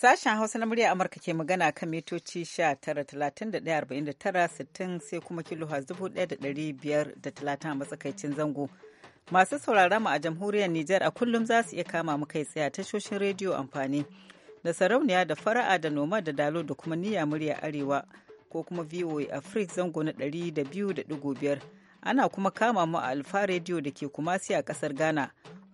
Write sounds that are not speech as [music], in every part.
Sashen Hausa na murya Amurka ke magana kan mitoci 19,31,49,60 sai kuma kilo 1,530 a matsakaicin zango. Masu sauraron mu a jamhuriyar Nijar a kullum za su iya kama mu kai tsaye tashoshin rediyo amfani da sarauniya da fara'a da noma da dalo da kuma niyya murya arewa ko kuma VOA Africa zango na 200.5 ana kuma kama mu a alfa rediyo da ke kumasi a kasar Ghana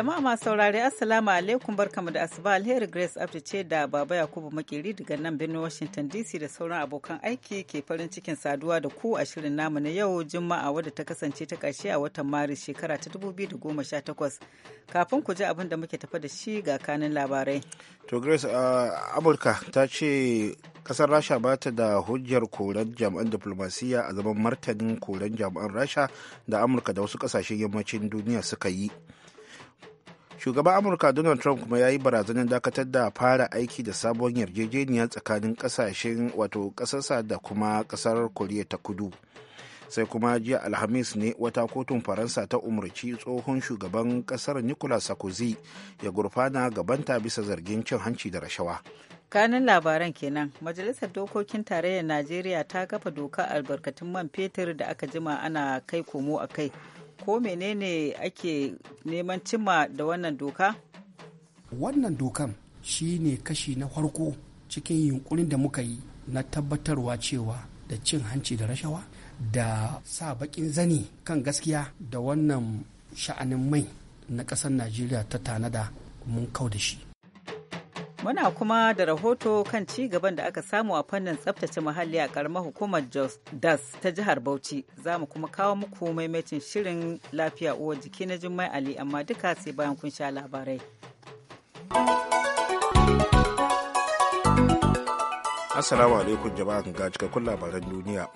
Jama'a masu saurari Assalamu alaikum barkamu da asuba alheri Grace abdu ce da Baba Yakubu Makeri daga nan birnin Washington DC da sauran abokan aiki ke farin cikin saduwa da ku a shirin namu na yau Juma'a wadda ta kasance ta ƙarshe a watan Maris shekara ta sha takwas Kafin ku ji abin da muke tafa da shi ga kanin labarai. To Grace uh, Amurka ta ce kasar Rasha ba ta da hujjar koran jami'an diplomasiya a zaman martanin koran jami'an Rasha da Amurka da wasu kasashen yammacin duniya suka yi. shugaban amurka donald trump kuma ya yi barazanin dakatar da fara aiki da sabon yarjejeniya tsakanin kasashen wato kasarsa da kuma kasar koriya ta kudu sai kuma jiya alhamis ne wata kotun faransa ta umarci tsohon shugaban kasar nicolas sarkozy ya gurfana gabanta bisa zargin cin hanci da rashawa kanin labaran kenan majalisar dokokin tarayyar najeriya ta kafa doka albarkatun man fetur da aka jima ana kai komo a kai ko menene ake neman cimma da wannan doka? Wannan dokan shi ne kashi na farko cikin yunkurin da muka yi na tabbatarwa cewa da cin hanci da rashawa da sa bakin zani kan gaskiya da wannan sha'anin mai na ƙasar Najeriya ta tanada mun kau da shi. Muna kuma da rahoto kan ci gaban da aka samu a fannin tsaftace muhalli a karamar hukumar Jos Das ta jihar Bauchi. Za mu kuma kawo muku maimaitin shirin lafiya uwar jiki na Jummai Ali amma duka sai bayan kun sha labarai. Assalamu alaikum jama'a ga cikakkun labaran duniya.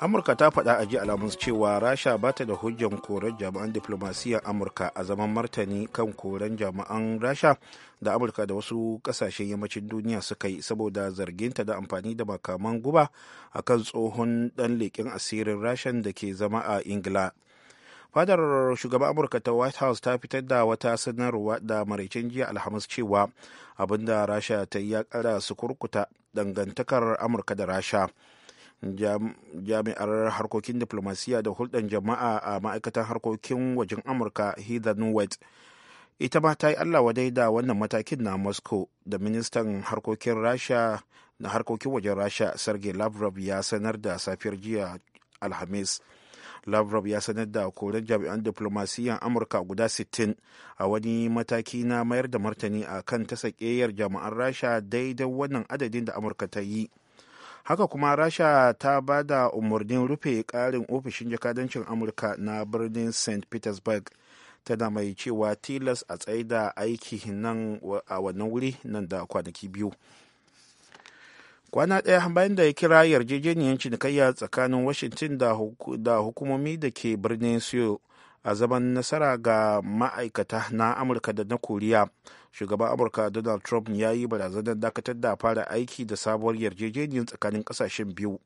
amurka ta faɗa a jiya alhamis cewa rasha ba ta da hujjan koren jami'an diplomasiyyar amurka a zaman martani kan koran jami'an rasha da amurka da wasu ƙasashen yammacin duniya suka yi saboda zarginta da amfani da makaman guba a kan tsohon ɗan leƙen asirin rashan da ke zama a ingila fadar shugaban amurka ta white house ta fitar da wata sanarwa da maraicin jiya alhamis cewa abinda rasha ta yi ya kara su kurkuta dangantakar amurka da rasha jami'ar harkokin diplomasiya da hulɗar jama'a a ma'aikatan harkokin wajen amurka heather nuwet ita ma ta yi allah wadai da wannan matakin na moscow da ministan harkokin rasha na harkokin wajen rasha sergei lavrov ya sanar da safiyar jiya alhamis lavrov ya sanar da koren jami'an diplomasiyan amurka guda 60 a wani mataki na mayar da martani a kan ta jami'an rasha daidai wannan adadin da amurka ta yi haka kuma rasha ta ba da umarnin rufe karin ofishin jakadancin amurka na birnin st petersburg tana mai cewa tilas a tsaye da aiki nan a wannan wuri nan da kwanaki biyu kwana ɗaya bayan da ya kira yarjejeniyar cinikayya tsakanin washington da hukumomi da ke birnin seoul a zaman nasara ga ma'aikata na amurka da na koriya shugaban amurka donald trump ya yi barazanar dakatar da fara aiki da sabuwar yarjejeniyar tsakanin kasashen biyu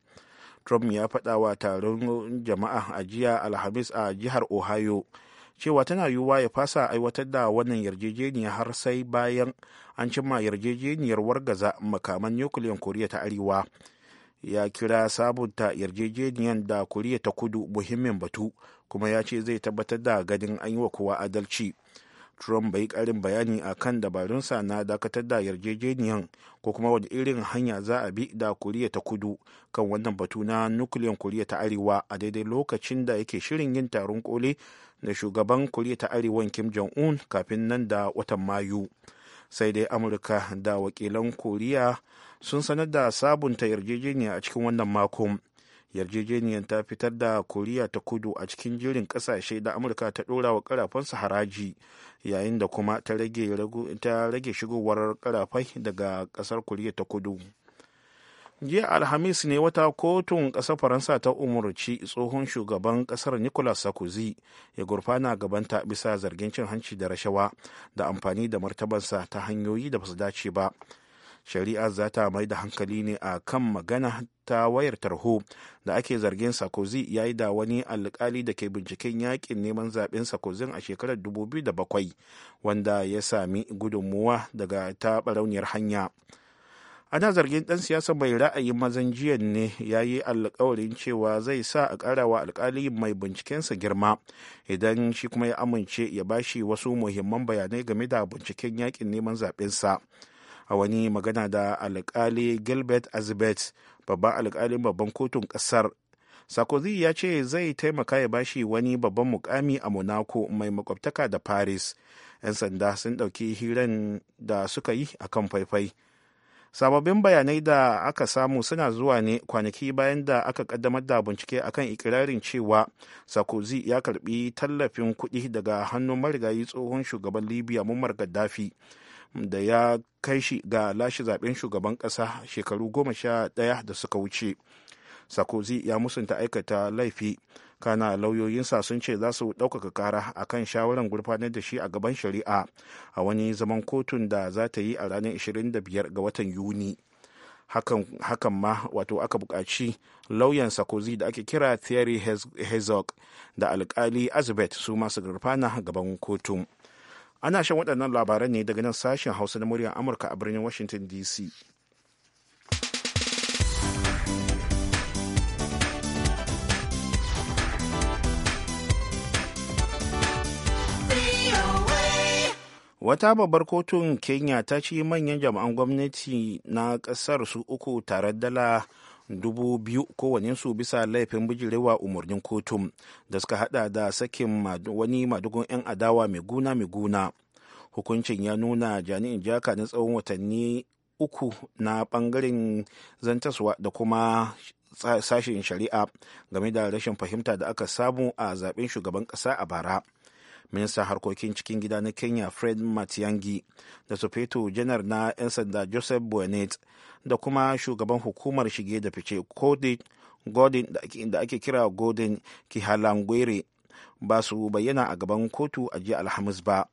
trump ya faɗa wa taron jama'a a jiya alhamis a jihar ohio cewa tana yiwuwa ya fasa aiwatar da wannan yarjejeniya har sai bayan an cimma yarjejeniyar wargaza makaman nukiliyan koriya ta arewa ya kira sabunta yarjejeniyar da koriya ta kudu muhimmin batu kuma ya ce zai tabbatar da ganin an yi wa kowa adalci trump bai karin bayani a kan dabarunsa na dakatar da yarjejeniyar ko kuma wani irin hanya za a bi da koriya ta kudu kan wannan batu na nukiliyan koriya ta arewa a daidai lokacin da yake shirin yin taron koli da shugaban koriya ta arewan kim jong-un kafin nan da watan mayu sai dai amurka da wakilan koriya sun sanar da sabunta yarjejeniya a cikin wannan makon yarjejeniyar ta fitar da koriya ta kudu a cikin jirin kasashe da amurka ta dora wa karafansa haraji yayin da kuma ta rage shigowar karafai daga kasar koriya ta kudu jiya alhamis ne wata kotun kasar faransa ta umarci tsohon shugaban kasar nicolas sarkozy ya gurfana gabanta bisa zargin cin hanci da rashawa da amfani da martabarsa ta hanyoyi da ba su dace ba shari'a za ta mai da hankali ne a kan magana ta wayar tarho da ake zargin sakozi ya yi da wani alkali da ke binciken yakin neman zaben sarkozy a shekarar 2007 wanda ya sami gudunmuwa daga ta barauniyar hanya ana zargin dan siyasa mai ra'ayin mazan jiya ne ya yi alkawarin cewa zai sa a karawa alkali mai bincikensa girma idan shi kuma ya amince ya bashi wasu muhimman bayanai game da binciken yakin neman zaɓensa. sa a wani magana da alkali gilbert azibet babban alkalin babban kotun kasar sarkozy ya ce zai taimaka ya bashi wani babban mukami a monaco mai makwabtaka da paris 'yan sanda sun ɗauki hiran da suka yi a kan faifai sababbin bayanai da aka samu suna zuwa ne kwanaki bayan da aka kaddamar da bincike akan ikirarin cewa sarkozy ya karbi tallafin kuɗi daga hannun marigayi tsohon shugaban libya muammar gaddafi da ya kai shi ga lashe zaben shugaban kasa shekaru goma sha ɗaya da suka wuce sarkozy ya musunta aikata laifi kana lauyoyinsa sun ce za su ɗaukaka kara a kan shawarar gurfanar da shi a gaban shari'a a wani zaman kotun da za ta yi a ranar 25 ga watan yuni hakan, ma wato aka buƙaci lauyan sarkozy da ake kira thierry herzog da alkali azbet su masu gurfana gaban kotun ana shan waɗannan labaran ne daga nan sashen hausa na muryar amurka a birnin washington dc wata babbar kotun kenya ta ci manyan jami'an gwamnati na kasar su uku tare dala dubu biyu kowanensu bisa laifin bijirewa umarnin kotun da suka hada da sakin wani madugun 'yan adawa mai guna mai guna hukuncin ya nuna jani'in jaka na tsawon watanni uku na bangaren zantaswa da kuma sashen shari'a game da rashin fahimta da aka samu a zaben shugaban ƙasa a bara ministan harkokin cikin gida na kenya fred matiangi da sufeto janar na 'yan sanda joseph bonet da kuma shugaban hukumar shige da fice godin da ake kira godin kihalangwere ba su bayyana a gaban kotu a jiya alhamis ba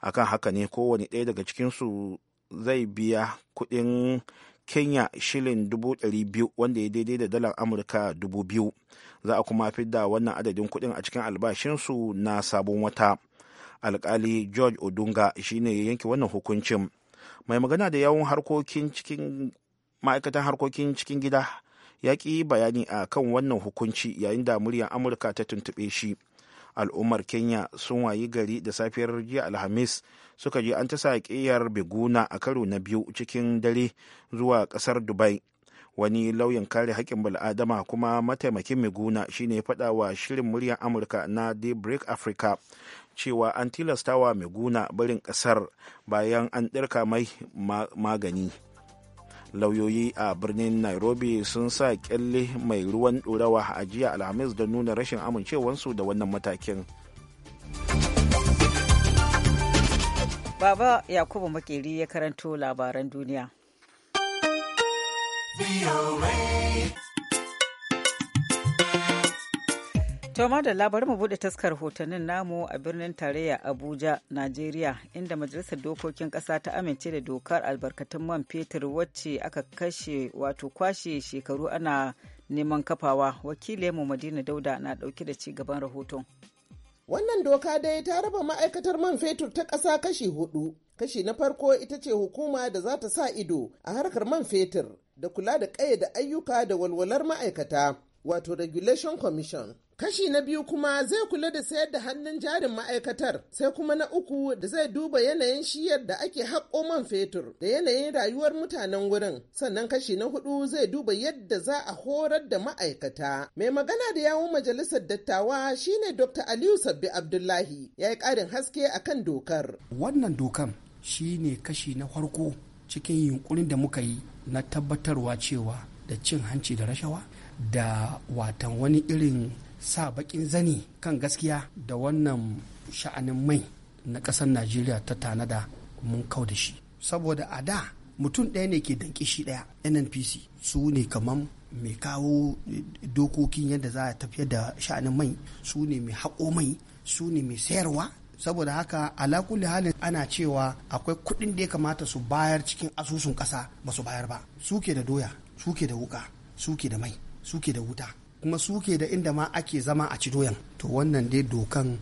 akan haka ne kowane ɗaya daga cikinsu zai biya kuɗin kenya shilin 200,000 wanda ya daidai da dalar amurka 2,000 za a kuma fidda wannan adadin kudin a cikin albashinsu na sabon wata alkali george odunga shine ya yanke wannan hukuncin mai magana da yawon harkokin cikin ma'aikatan harkokin cikin gida ya ƙi bayani a kan wannan hukunci yayin da muryar amurka ta tuntube shi al'ummar kenya sun wayi gari da safiyar jiya alhamis suka je an ta saƙiyar beguna a karo na biyu cikin dare zuwa ƙasar dubai wani lauyan kare haƙƙin bal'adama kuma mataimakin meguna shine faɗa wa shirin muryar amurka na the break africa cewa an tilastawa miguna barin ƙasar bayan an ɗirka mai magani lauyoyi a birnin nairobi sun sa kyalle mai ruwan ɗorawa a jiya alhamis don nuna rashin amincewarsu da wannan matakin baba yakubu makeri ya karanto labaran duniya Toma da labarin mu bude taskar rahotonin namu a birnin tarayya Abuja, Najeriya, inda Majalisar Dokokin Ƙasa ta amince da dokar albarkatun man fetur wacce aka kashe wato kwashe shekaru ana neman kafawa. mu Madina Dauda na ɗauki da ci gaban rahoton. Wannan doka dai ta raba ma'aikatar man fetur ta ƙasa kashi hudu. Kashi na farko ita ce hukuma da za ta sa ido a harkar man fetur da kula da da ayyuka da walwalar ma'aikata, wato Regulation Commission. Kashi na biyu kuma zai kula da sayar da hannun jarin ma'aikatar, sai kuma na uku da zai duba yanayin shiyar da ake haƙo man fetur da yanayin rayuwar mutanen wurin. Sannan kashi na hudu zai duba yadda za a horar da ma'aikata. Mai magana da yawun majalisar dattawa shine Dr. Aliyu Sabbi Abdullahi ya yi ƙarin haske a kan dokar. Wannan dokan shine kashi na farko cikin yunkurin da muka yi na tabbatarwa cewa da cin hanci da rashawa da watan wani irin sa baƙin zani kan gaskiya da wannan sha'anin mai na ƙasar najeriya ta tanada mun kau da shi saboda a da mutum ɗaya ne ke danƙi shi ɗaya nnpc su ne kamar mai kawo dokokin yadda za a tafiyar da sha'anin mai su ne mai haƙo mai su ne mai sayarwa saboda haka alakulli halin ana cewa akwai kuɗin da ya kamata su bayar cikin asusun ƙasa ba su bayar ba suke da doya suke da wuka suke da mai suke da wuta kuma suke da inda ma ake zama a cidoyan. to wannan dai dokan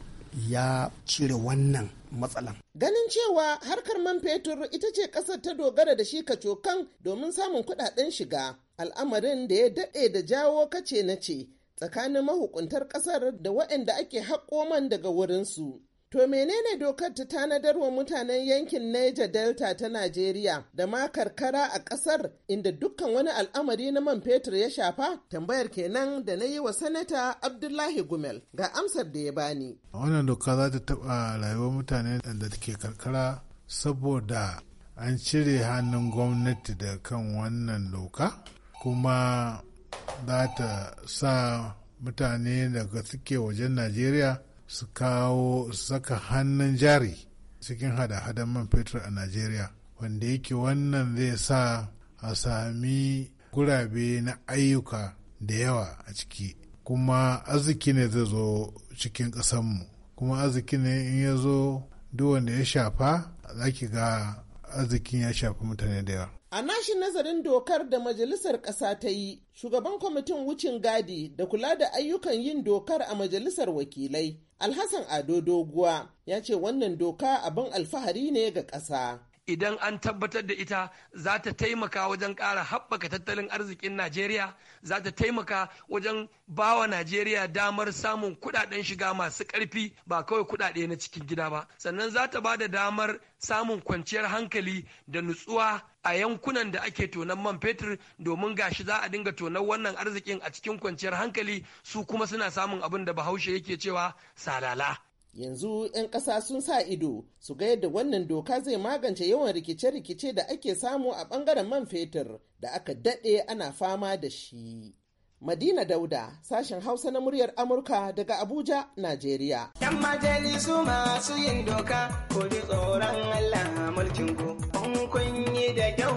ya cire wannan matsalan. Ganin cewa harkar man fetur ita ce ƙasar ta dogara da shi kacokan domin samun kuɗaɗen shiga, al'amarin da ya daɗe da jawo kace na ce tsakanin mahukuntar ƙasar da waɗanda ake haƙo man daga wurinsu. To menene dokar ta tanadar wa mutanen yankin Niger Delta ta Najeriya da ma karkara a ƙasar inda dukkan wani al'amari na man fetur ya shafa? Tambayar kenan da na yi wa Sanata Abdullahi Gumel ga amsar da ya bani. Wannan doka za ta taɓa rayuwar mutane da ke karkara saboda an cire hannun gwamnati da kan wannan doka kuma za ta sa mutane daga suke wajen Najeriya su kawo saka hannun jari cikin hada-hadan man fetur a najeriya wanda yake wannan zai sa a sami gurabe na ayyuka da yawa a ciki kuma arziki ne zai zo cikin ƙasanmu kuma arziki ne in ya zo duk wanda ya shafa za ki ga arzikin ya shafi mutane da yawa A nashi nazarin dokar da majalisar ƙasa ta yi, shugaban kwamitin wucin gadi da kula da ayyukan yin dokar a majalisar wakilai, Alhassan Ado Doguwa ya ce wannan doka abin alfahari ne ga ƙasa. idan an tabbatar da ita za ta taimaka wajen ƙara haɓaka tattalin arzikin najeriya za ta taimaka wajen bawa najeriya damar samun kuɗaɗen shiga masu ƙarfi ba kawai kuɗaɗe na cikin gida ba sannan za ta ba da damar samun kwanciyar hankali da nutsuwa a yankunan da ake tonan man fetur domin gashi za a dinga tonan wannan arzikin a cikin kwanciyar hankali su kuma suna samun abin da bahaushe yake cewa salala yanzu 'yan ƙasa sun sa ido su ga yadda wannan doka zai magance yawan rikice-rikice da ake samu a ɓangaren man fetur da aka daɗe ana fama da shi. Madina Dauda, sashen Hausa na muryar Amurka daga Abuja, Najeriya. Yan majalisu masu yin doka, ko tsoron Allah mulkin ku, kun kunyi da kyau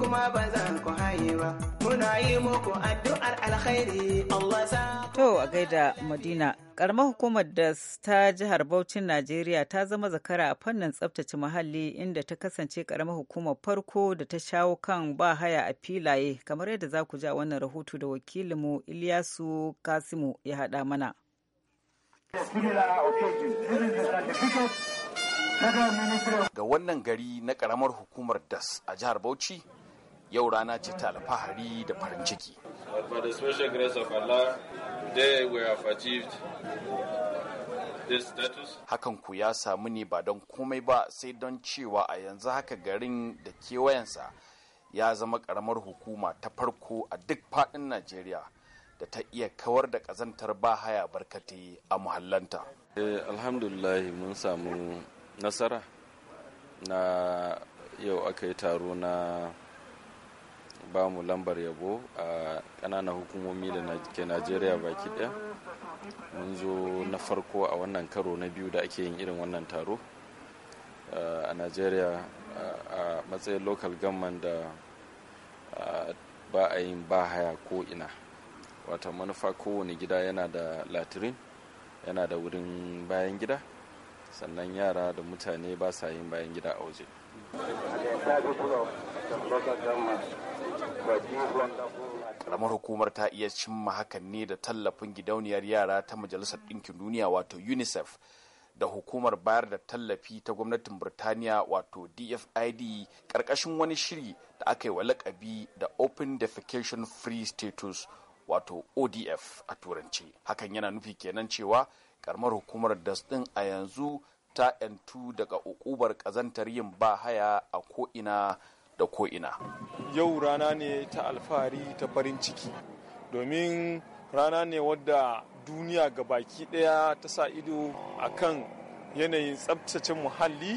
kuma ba za ku haye ba muna yi muku addu'ar alkhairi Allah sa to a gaida Madina karamar hukumar da ta jihar Bauchin Najeriya ta zama zakara a fannin tsaftace muhalli inda ta kasance karamar hukumar farko da ta shawo kan ba haya a filaye kamar yadda za ku ja wannan rahoto da wakilinmu Ilyasu Kasimu ya haɗa mana. Ga wannan gari na karamar hukumar DAS a jihar Bauchi yau rana ce ta alfahari da farin ciki. Hakan ku ya samu ne ba don komai ba sai don cewa a yanzu haka garin da kewayensa ya zama karamar hukuma ta farko a duk faɗin Najeriya da ta iya kawar da ƙazantar haya barkate a muhallanta. Eh, alhamdulillah mun samu nasara na yau aka yi taro na ba mu lambar yabo a ƙananan hukumomi da ke najeriya baki ɗaya mun zo na farko a wannan karo na biyu da ake yin irin wannan taro eh, a najeriya eh, a matsayin local government da eh, ba a yin bahaya ko ina wata manufa kowane gida yana da latirin yana da wurin bayan gida sannan yara da mutane ba sa yin bayan gida a waje. Karamar hukumar ta iya cimma hakan ne da tallafin gidauniyar yara ta Majalisar Ɗinkin Duniya wato UNICEF da hukumar bayar da tallafi ta gwamnatin Birtaniya wato DFID ƙarƙashin wani shiri da aka yi wa lakabi da Open Defecation Free Status wato ODF a turance. Hakan yana nufi kenan cewa karamar hukumar DAS ɗin a yanzu ta 'yantu daga ukubar ƙazantar yin ba haya a ko'ina da ko'ina. Yau rana ne ta alfahari ta farin ciki domin rana ne wadda duniya ga baki ɗaya ta sa ido a kan yanayin tsabtace muhalli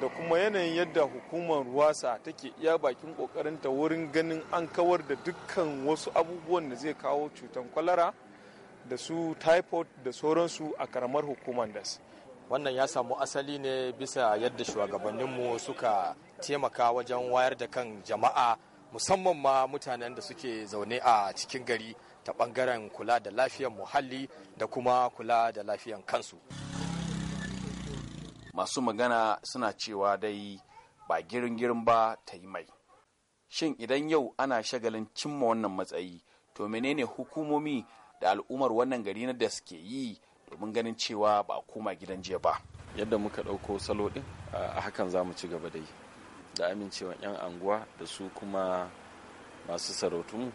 da kuma yanayin yadda hukumar ruwasa take iya bakin ta wurin ganin an kawar da dukkan wasu abubuwan da zai kawo cutar kwalara da su typhoid da sauransu a karamar hukumar das wannan ya samu asali ne bisa yadda shugabanninmu suka taimaka wajen wayar da kan jama'a musamman ma mutanen da suke zaune a cikin gari ta bangaren kula da lafiyar muhalli da kuma kula da lafiyar kansu. Masu magana suna cewa dai ba girin-girin ba ta yi mai. Shin idan yau ana shagalin cimma wannan matsayi, to menene hukumomi da al'ummar wannan gari na da suke yi domin ganin cewa ba a koma gidan jiya ba. Yadda muka ɗauko salo ɗin, a hakan za mu ci gaba da yi. da amincewa 'yan anguwa da su kuma masu sarautunmu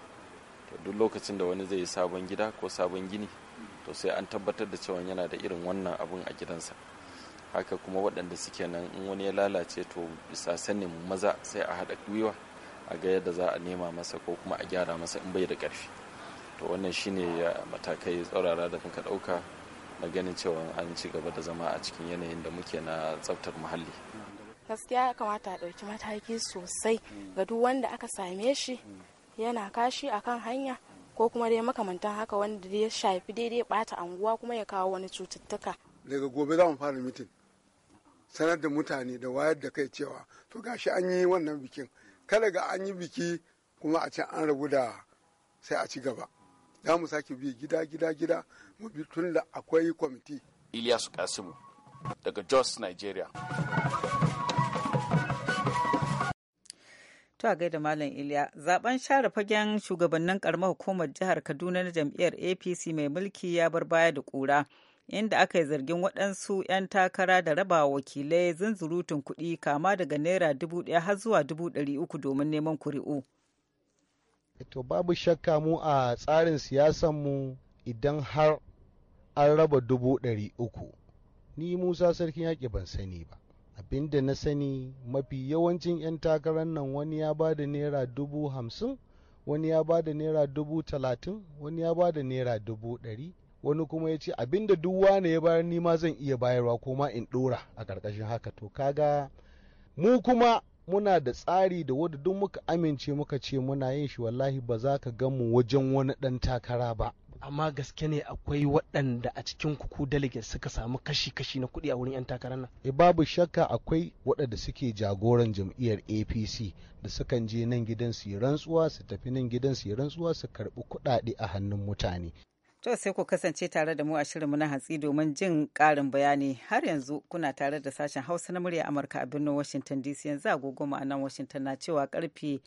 to duk lokacin da wani zai yi sabon gida ko sabon gini to sai an tabbatar da cewa yana da irin wannan abun a gidansa haka kuma waɗanda suke nan in wani ya lalace to bisa sanin maza sai a haɗa gwiwa a ga yadda za a nema masa ko kuma a gyara masa in bai da ƙarfi to wannan shine matakai tsaurara da muka ɗauka na ganin cewa an ci gaba da zama a cikin yanayin da muke na tsaftar muhalli gaskiya ya kamata a ɗauki mataki sosai ga duk wanda aka same shi yana kashi a kan hanya ko kuma dai makamantan haka wanda ya shafi daidai bata anguwa kuma ya kawo wani cututtuka daga gobe za mu fara mitin sanar da mutane da wayar da kai cewa to gashi an yi wannan bikin kada ga an yi biki kuma a can an rabu da sai a ci gaba za mu sake bi gida gida gida mu bi tun da akwai kwamiti Ilyasu Kasimu daga Jos Nigeria. To a gaida Malam Iliya, zaben share fagen shugabannin karamar hukumar jihar Kaduna na jam'iyyar APC mai mulki ya bar baya da kura, inda aka yi zargin waɗansu 'yan takara da raba wakilai zunzurutun kuɗi kama daga naira dubu ɗaya har zuwa dubu ɗari uku domin neman kuri'u. To babu shakka mu a tsarin siyasan mu idan har an raba dubu ɗari uku, ni Musa sarkin yaƙi ban sani ba. abinda na sani mafi yawancin 'yan takarar nan wani ya ba da naira dubu hamsin wani ya ba da naira dubu talatin wani ya ba da naira dubu ɗari wani kuma ya ce abinda duk wane ya bayar ni ma zan iya bayarwa ko in ɗora a ƙarƙashin haka to kaga mu kuma muna da tsari da wadda duk muka amince muka ce muna yin shi wallahi ba za ka gan mu wajen wani ɗan takara ba amma gaske ne akwai waɗanda a cikin kuku delegates suka samu kashi-kashi na kuɗi a wurin 'yan takarar nan e babu shakka akwai waɗanda suke jagoran jam'iyyar apc da sukan je nan gidan su yi rantsuwa su tafi nan gidan su yi rantsuwa su karɓi kuɗaɗe a hannun mutane To sai ku kasance tare da mu a shirinmu na hatsi domin jin ƙarin bayani har yanzu kuna tare da sashen Hausa na murya Amurka a birnin Washington DC yanzu agogo nan Washington na cewa karfe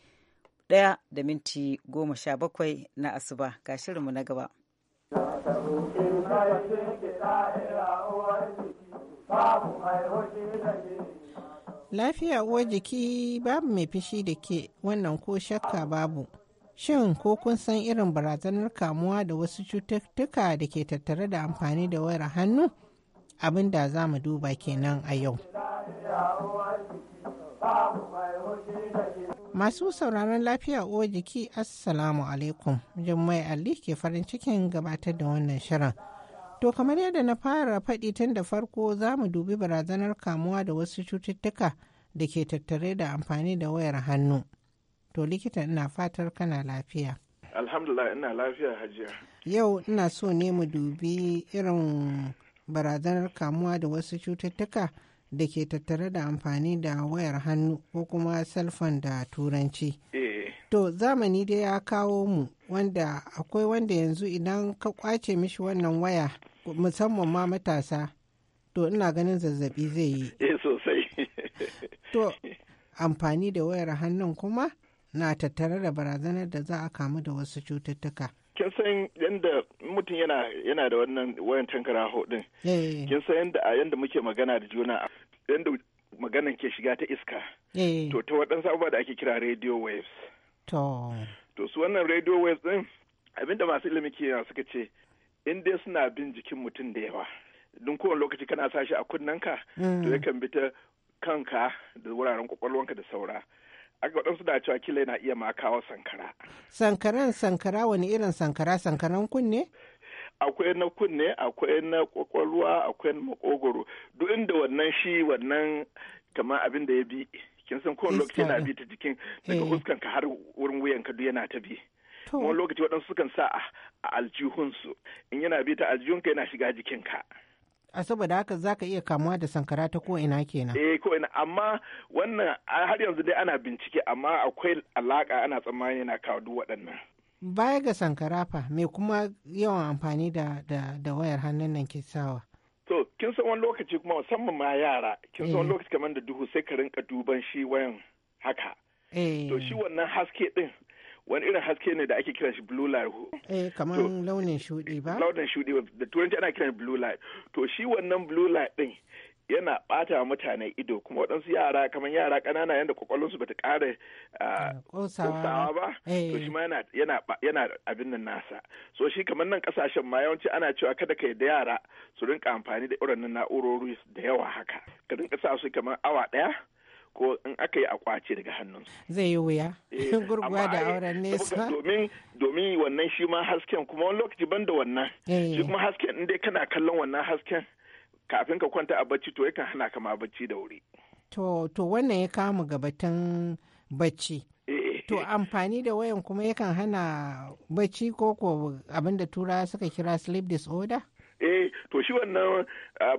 ɗaya da minti goma sha bakwai na asuba ga shirinmu na gaba. Lafiya uwar jiki babu mai fishi da ke wannan ko shakka babu. Shin ko kun san irin barazanar kamuwa da wasu cututtuka da ke tattare da amfani da wayar hannu? Abin da za mu duba kenan a yau. Masu sauraron lafiya uwa jiki Assalamu alaikum. Jummai Ali ke farin cikin gabatar da wannan shirin. To kamar yadda na fara faɗi tun da farko za mu dubi barazanar kamuwa da wasu cututtuka da ke tattare da amfani da wayar hannu. To likita ina fatar kana lafiya. Alhamdulillah ina lafiya hajiya. Yau ina so ne mu dubi irin barazanar kamuwa da wasu cututtuka. da ke tattare da amfani da wayar hannu ko kuma salfan da turanci. Eh. To zamani dai ya kawo mu wanda akwai wanda yanzu idan ka kwace mishi wannan waya musamman ma matasa to ina ganin zazzabi zai yi. Eh sosai. [laughs] To amfani da wayar hannun kuma na tattare da barazanar da za a kamu da wasu cututtuka. san yanda mutum yana da wannan wayan tankara din eh. kin san yanda a yadda muke magana da juna yanda maganan ke shiga ta iska eh. to ta waɗansu abubuwa da ake kira radio waves to su wannan radio waves din abinda masu ilimi ke suka ce in suna bin jikin mutum da yawa dun kowane lokaci kana sa shi a kunnanka to mm. yakan bi ta kanka da wuraren kwakwalwanka da saura waɗansu da cewa kila yana iya makawa sankara. Sankaran sankara wani irin sankara sankaran kunne? Akwai na kunne, akwai na kwakwalwa, akwai na makogoro. Duk inda wannan shi wannan kamar abin da ya bi. Kin san kowane lokaci yana bi ta jikin daga eh. fuskan ka har wurin wuyan ka duk yana ta bi. Wani lokaci waɗansu sukan sa a aljihunsu. In yana bi ta aljihunka yana shiga jikinka. a saboda haka za ka iya kamuwa da sankara ta ko'ina kenan. Eh ko'ina amma wannan har yanzu dai ana bincike amma akwai alaka ana tsammani yana kawo duk waɗannan. Baya ga sankara fa me kuma yawan amfani da, da, wayar hannun nan ke sawa. To kin san wani lokaci kuma musamman ma yara kin san wani eh. lokaci kamar da duhu sai ka rinka duban shi wayan haka. Eh. To shi wannan haske din wani irin haske ne da ake kiran shi blue light eh kamar launin shuɗi ba launin shuɗi ba da turanci ana kiran blue light to shi wannan blue light ɗin yana ɓata wa mutane ido kuma waɗansu yara kamar yara ƙanana yadda kwakwalonsu bata ƙara ah, ah, ƙosawa ba to eh. shi ma yana abin nan nasa so shi kamar nan ƙasashen ma yawanci ana cewa kada ka da yara su rinka amfani da irin na'urori da yawa haka ka rinka sa su kamar awa ɗaya ko in aka yi a kwace daga hannun zai yi wuya eh, [laughs] gurguwa da eh, auren nesa domin domin wannan shi ma hasken kuma wani lokaci ban da wannan eh. shi kuma hasken in kana kallon wannan hasken kafin ka kwanta a bacci to yakan hana kama bacci da wuri to wannan ya kama ga bacci to amfani da wayan kuma yakan hana bacci ko ko abin da turawa suka kira sleep disorder to shi wannan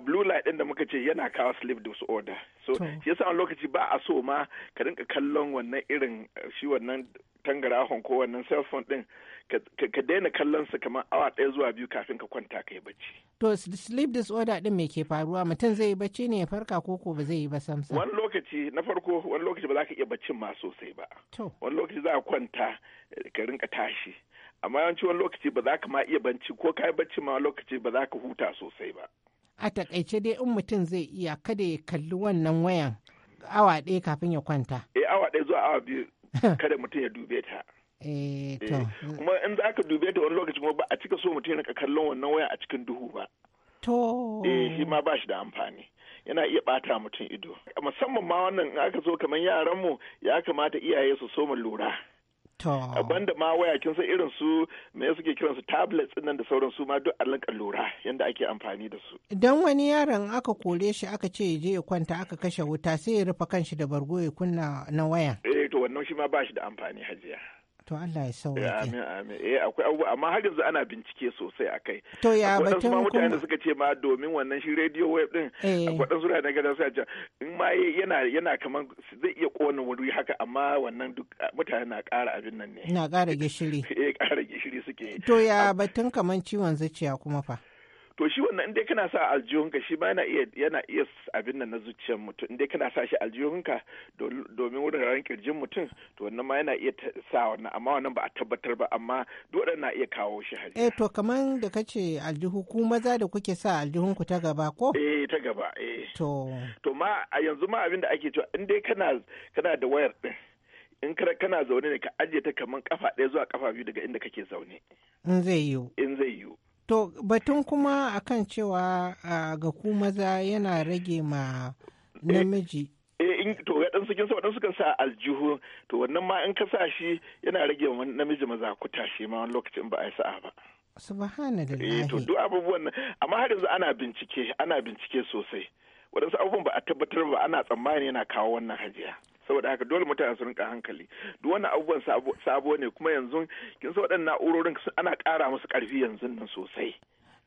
blue light ɗin da muka ce yana kawo sleep disorder so shi yasa lokaci ba a so ma ka rinka kallon wannan irin shi wannan tangarahon ko wannan cell phone din ka daina kallon sa kamar awa ɗaya zuwa biyu kafin ka kwanta ka yi bacci. To sleep disorder din me ke faruwa mutum zai yi bacci ne ya farka ko ko ba zai yi ba samsa. Wani lokaci na farko wani lokaci ba za ka iya baccin ma sosai ba. Wani lokaci za a kwanta eh, ka rinka tashi. amma yawanci wani lokaci ba za ka ma iya banci ko ka yi bacci ma lokaci ba za ka huta sosai ba a takaice dai in mutum zai iya kada ya kalli wannan wayan awa ɗaya kafin ya kwanta eh awa ɗaya zuwa awa biyu [laughs] kada mutum ya dube ta eh, eh, kuma in za ka dube ta wani lokaci kuma ba a cika so mutum ya kallon wannan waya a cikin duhu ba to eh shi ma ba shi da amfani yana iya bata mutum ido musamman ma wannan in aka so kamar yaran mu ya kamata iyaye su soma lura banda ma waya kin san irin su me suke kiran su tablets nan da sauran su ma duk a linka lura yanda ake amfani da su idan wani yaron aka kore shi aka ce ya je ya kwanta aka kashe wuta sai ya rufe kanshi da bargo ya kunna na waya eh to wannan shi ma ba shi da amfani hajiya To Allah ya eh, sauya. Amin amin. Eh akwai abubuwa amma har yanzu ana bincike sosai a kai. To ya batun kuma mutane suka ce ma domin wannan shi radio web din eh. akwai dan sura na gada suka in ma yana yana kaman zai iya kona wuri haka amma wannan duk mutane na ƙara abin nan ne. Na ƙara gishiri. [laughs] Eh ƙara gishiri suke. To ya batun kaman ciwon zuciya kuma fa. to shi wannan in dai kana sa aljihunka shi ma yana iya yana iya abin nan na zuciyar mutum in dai kana sa shi aljihunka domin wuraren kirjin mutum to wannan ma yana iya sa wannan amma wannan ba a tabbatar ba amma dole na iya kawo shi hari eh to kaman da kace aljihu ku maza da kuke sa aljihunku ta gaba ko eh ta gaba eh to to ma a yanzu ma abin da ake cewa in dai kana kana da wayar din in kana zaune ne ka ajiye ta kaman kafa ɗaya zuwa kafa biyu daga inda kake zaune in zai yiwu in zai yiwu To batun kuma akan cewa ga ku maza yana rage ma namiji. Eh, eh in to waɗansu kin waɗansu kan sa aljihu to wannan ma in ka sa shi yana rage ma namiji maza ku shi ma wani lokacin ba a yi sa'a ba. Subhanallah. Eh to duk abubuwan amma har yanzu ana bincike ana bincike sosai. waɗansu abubuwan ba a tabbatar ba ana tsammani yana kawo wannan hajiya. saboda haka dole mutane su rinka hankali duk wannan abubuwan sabo ne kuma yanzu kin san waɗannan na'urorin ana ƙara musu ƙarfi yanzu nan sosai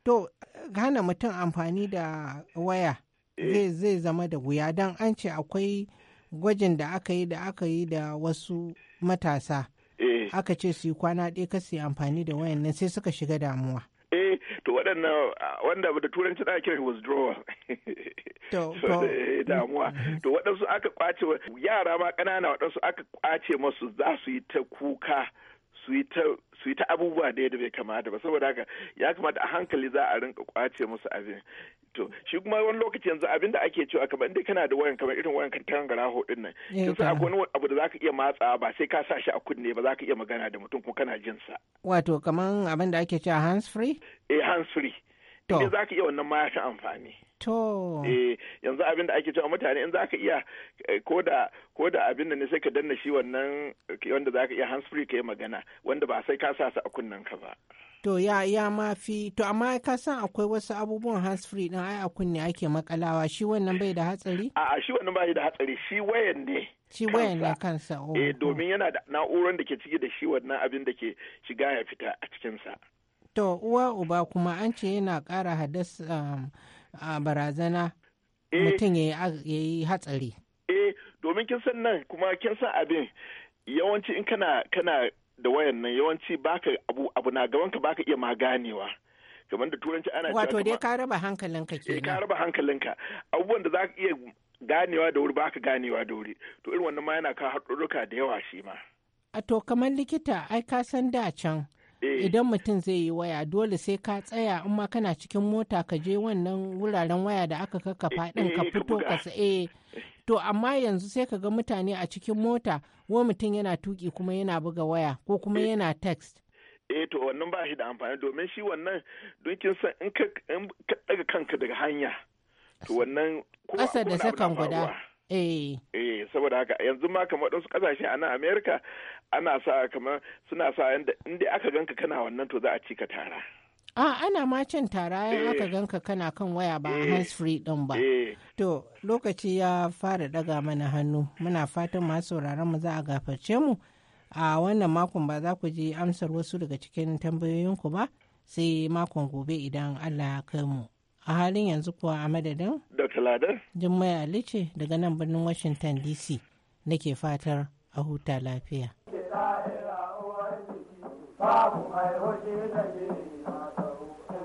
to hana mutum amfani da waya eh. zai zama da wuya don an ce akwai gwajin da aka yi da aka yi da wasu matasa eh. aka ce su yi kwana ɗaya kasu amfani da wayan nan sai suka shiga damuwa kasan na wanda da turanci da kiran withdrawal damuwa mm-hmm. to waɗansu aka kwace yara ma ƙanana waɗansu aka kwace masu za su yi ta kuka su yi ta abubuwa da bai kamata ba saboda haka ya kamata a hankali za a rinka kwace musu abin to shi kuma wani lokaci yanzu abin da ake cewa kamar inda kana da wayan kamar irin wayan kan tangara hudin nan eh, kin san akwai wani abu da zaka iya matsa ba sai ka sa shi a kunne ba zaka iya magana da mutum kuma kana jin sa wato kamar abin da ake cewa hands free eh hands free to za zaka iya wannan ma ya fi amfani to eh yanzu abin da ake cewa mutane in zaka iya eh, ko da ko da abin da ne sai ka danna shi wannan eh, wanda zaka iya hands free ka yi magana wanda ba sai ka sa su a kunnen ka ba to ya ya mafi to amma ka san akwai wasu abubuwan hands free din ai a kunne ake makalawa shi wannan bai da hatsari a shi wannan bai da hatsari shi wayan ne shi wayan ne kansa oh, eh oh. domin yana da na'uran da ke ciki da shi wannan abin da ke shiga ya fita a cikin sa to uwa uba kuma an ce yana ƙara hadas um, a barazana eh. mutum ya yi hatsari eh domin kin san nan kuma kin san abin yawanci in kana kana da wayan nan yawanci baka abu abu na gaban ka baka iya maganewa kamar da turanci ana wato dai ka raba hankalinka eh, kenan ka raba hankalinka abubuwan da zaka iya ganewa da wuri baka ganewa da wuri to irin wannan ma yana ka haɗuruka da yawa shi ma a to kamar likita ai ka san da can eh. idan mutum zai yi waya dole sai ka tsaya amma kana cikin mota ka je wannan wuraren waya da aka kakkafa din eh, ka fito ka tsaye to amma yanzu sai ka ga mutane a cikin mota wa mutum yana tuki kuma yana buga waya ko kuma eh. yana text eh to wannan ba shi da amfani domin shi wannan don san in ka daga kanka daga hanya to wannan kasa da sakan guda eh eh saboda haka yanzu ma kamar wasu kasashe a nan America ana sa kamar suna sa yanda inda aka ganka kana wannan to za a ci ka tara A ana ma cin tara in eh. aka ganka kana kan waya ba a eh. hands free din ba. Eh. To lokaci ya fara daga mana hannu muna fatan masu sauraron mu za a gafarce mu a wannan makon ba za ku ji amsar wasu daga cikin tambayoyinku ba sai makon gobe idan Allah ya kai mu. a halin yanzu kuwa a madadin dr ladar Jummai ali daga nan birnin washington dc nake fatar a huta lafiya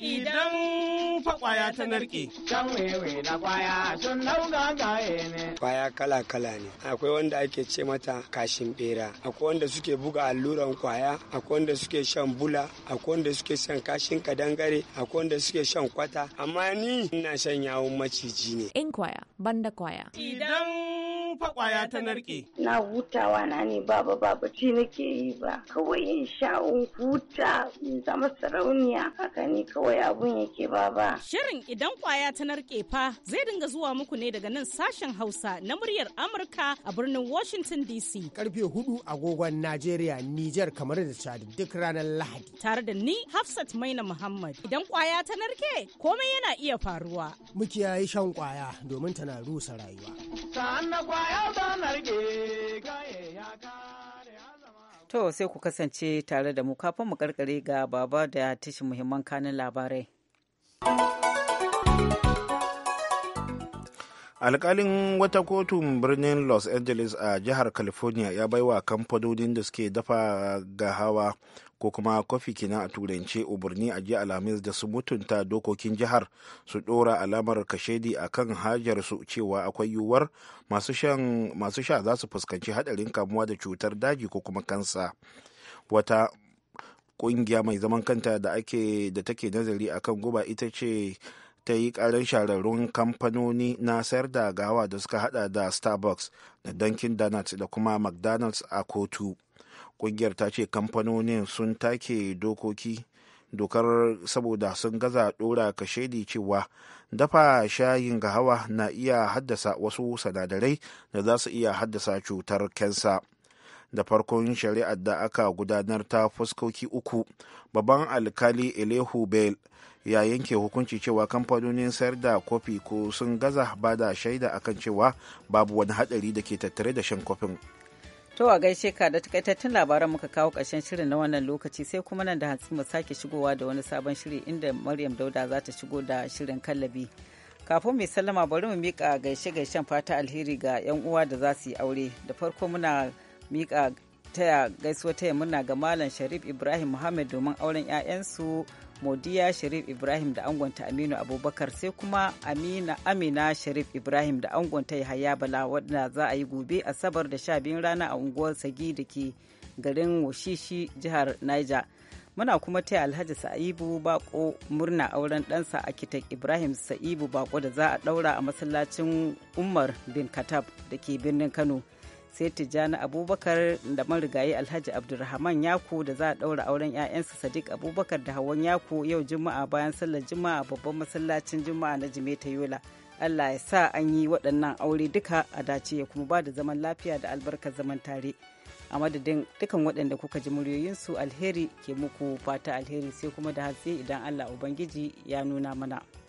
Idan fa kwaya ta narke. Can wewe na kwaya sun gaye ne. Kwaya kala-kala ne. Akwai wanda ake ce mata kashin bera. Akwai wanda suke buga alluran kwaya. Akwai wanda suke shan bula. Akwai wanda suke shan kashin kadangare. Akwai wanda suke shan kwata. Amma ni ina shan yawon maciji ne. In kwaya, banda kwaya. Idan fa kwaya ta narke. Na hutawa na ne baba baba ci nake yi ba. Kawai in sha in huta zama sarauniya haka ne kawai. kawai abun yake ba ba. Shirin idan kwaya ta narke fa zai dinga zuwa muku ne daga nan sashen Hausa na muryar Amurka a birnin Washington DC. Karfe hudu agogon Najeriya, Nijar kamar da Chad duk ranar Lahadi. Tare da ni Hafsat Maina Muhammad. Idan kwaya ta narke komai yana iya faruwa. Muke yayi shan kwaya domin tana rusa rayuwa. Sa'an na kwaya ta narke ya To sai ku kasance tare da mu kafin mu karkare ga baba da tashin muhimman kanin labarai. alkalin wata kotun birnin los angeles a jihar california ya baiwa kamfanonin da suke dafa ga hawa. ko kuma kwafi kenan a turance umarni a jiya alhamis da su mutunta dokokin jihar su dora alamar kashedi a kan hajarsu cewa akwai yiwuwar masu sha za su fuskanci hadarin kamuwa da cutar daji ko kuma kansa wata kungiya mai zaman kanta da ake da take nazari a kan guba ita ce ta yi karin shahararrun kamfanoni na sayar da gawa da suka hada da starbucks da dunkin donuts da kuma mcdonald's a kotu ƙungiyar ta ce kamfanonin sun take dokoki dokar saboda sun gaza ɗora shaidi cewa dafa shayin ga hawa na iya haddasa wasu sanadarai da za su iya haddasa cutar kensa. da farkon shari'ar da aka gudanar ta fuskoki uku babban alkali elihu bell ya yanke hukunci cewa kamfanonin sayar da kofi ko sun gaza ba da shaida akan cewa babu wani hadari da ke tattare da shan kofin To a gaishe ka da takaitattun labaran muka kawo ƙarshen shirin na wannan lokaci sai kuma nan da hantsi mu sake shigowa da wani sabon shiri inda Maryam Dauda za ta shigo da shirin kallabi. Kafin mai sallama bari mu miƙa gaishe gaishen fata alheri ga 'yan uwa da za su yi aure. Da farko muna miƙa taya gaisuwa taya muna ga Malam Sharif Ibrahim Muhammad domin auren 'ya'yansu modiya sharif ibrahim da angonta aminu abubakar sai kuma amina amina sharif ibrahim da angonta yahaya bala wadda za a yi gobe asabar da sha biyun rana a unguwar sagi da ke garin washishi jihar niger muna kuma taya alhaji sa'ibu bako murna auren ɗansa akitek ibrahim sa'ibu bako da za a ɗaura a masallacin umar bin katab da ke birnin kano sai tijjani abubakar da marigayi alhaji abdulrahman yaku da za a ɗaura auren 'ya'yansa sadiq abubakar da hawan yaku yau juma'a bayan sallar juma'a babban masallacin juma'a na jimeta yola allah ya sa an yi waɗannan aure duka a dace ya kuma ba da zaman lafiya da albarkar zaman tare a madadin dukan waɗanda kuka ji muryoyinsu alheri ke muku fata alheri sai kuma da hatsi idan allah ubangiji ya nuna mana.